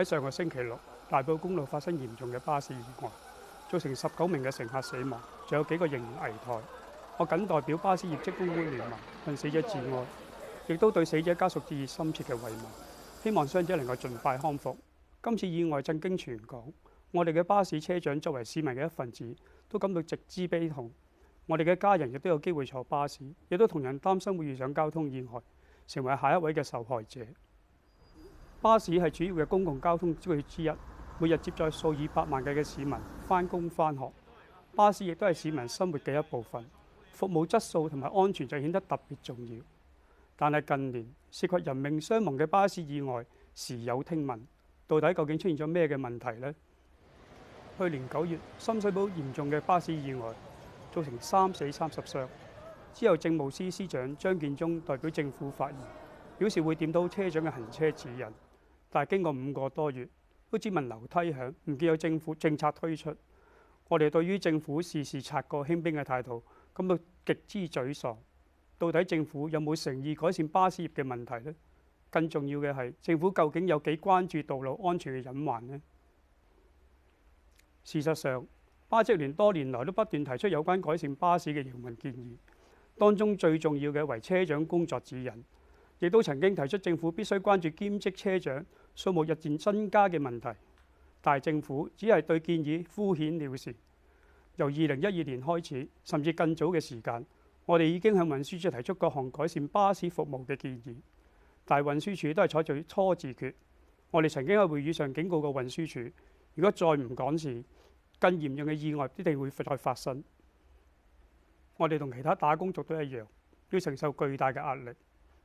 喺上個星期六，大埔公路發生嚴重嘅巴士意外，造成十九名嘅乘客死亡，仲有幾個仍然危殆。我謹代表巴士業職公會聯盟向死者致哀，亦都對死者家屬致以深切嘅慰問。希望傷者能夠盡快康復。今次意外震驚全港，我哋嘅巴士車長作為市民嘅一份子，都感到極之悲痛。我哋嘅家人亦都有機會坐巴士，亦都同樣擔心會遇上交通意外，成為下一位嘅受害者。巴士係主要嘅公共交通之之一，每日接載數以百萬計嘅市民返工返學。巴士亦都係市民生活嘅一部分，服務質素同埋安全就顯得特別重要。但係近年涉及人命傷亡嘅巴士意外時有聽聞，到底究竟出現咗咩嘅問題呢？去年九月深水埗嚴重嘅巴士意外，造成三死三十傷。之後政務司司長張建宗代表政府發言，表示會點到車長嘅行車指引。但係經過五個多月，都只聞樓梯響，唔見有政府政策推出。我哋對於政府時時插過輕兵嘅態度，咁都極之沮喪。到底政府有冇誠意改善巴士業嘅問題呢？更重要嘅係，政府究竟有幾關注道路安全嘅隱患呢？事實上，巴職聯多年來都不斷提出有關改善巴士嘅營運建議，當中最重要嘅為車長工作指引。亦都曾經提出政府必須關注兼職車長數目日漸增加嘅問題，但政府只係對建議敷衍了事。由二零一二年開始，甚至更早嘅時間，我哋已經向運輸署提出各項改善巴士服務嘅建議。大運輸署都係採取初治決，我哋曾經喺會議上警告過運輸署，如果再唔趕事，更嚴重嘅意外必定會再發生。我哋同其他打工族都一樣，要承受巨大嘅壓力。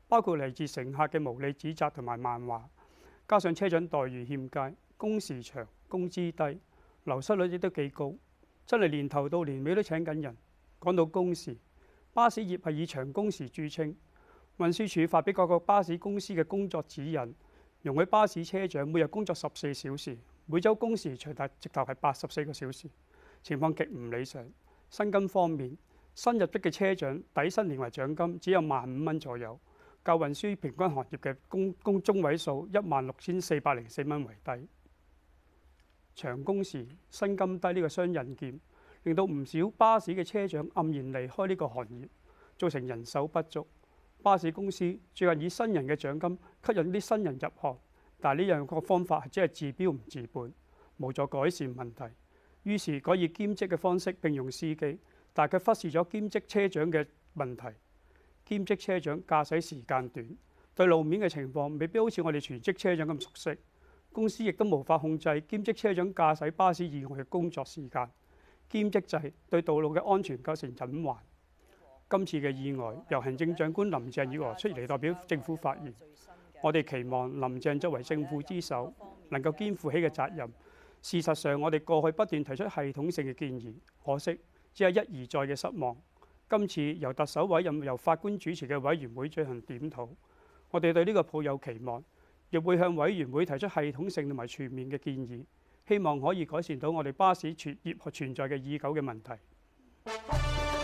包括嚟自乘客嘅無理指責同埋謾罵，加上車長待遇欠佳，工時長，工資低，流失率亦都幾高，真係年頭到年尾都請緊人。講到工時，巴士業係以長工時著稱。運輸署發俾各個巴士公司嘅工作指引，容許巴士車長每日工作十四小時，每週工時長達直頭係八十四個小時，情況極唔理想。薪金方面，新入職嘅車長底薪年為獎金只有萬五蚊左右，教運輸平均行業嘅工工中位數一萬六千四百零四蚊為低，長工時薪金低，呢個雙刃劍，令到唔少巴士嘅車長黯然離開呢個行業，造成人手不足。巴士公司最近以新人嘅獎金吸引啲新人入行，但係呢樣個方法係只係治標唔治本，無助改善問題。於是改以兼職嘅方式聘用司機，但卻忽視咗兼職車長嘅問題。兼職車長駕駛時間短，對路面嘅情況未必好似我哋全職車長咁熟悉。公司亦都無法控制兼職車長駕駛巴士以外嘅工作時間。兼職制對道路嘅安全構成隱患。今次嘅意外，嗯、由行政長官林鄭月娥出嚟代表政府發言。嗯、我哋期望林鄭作為政府之首，能夠肩負起嘅責任。嗯、事實上，我哋過去不斷提出系統性嘅建議，可惜只係一而再嘅失望。今次由特首委任由法官主持嘅委員會進行檢討，我哋對呢個抱有期望，亦會向委員會提出系統性同埋全面嘅建議，希望可以改善到我哋巴士業存在嘅已久嘅問題。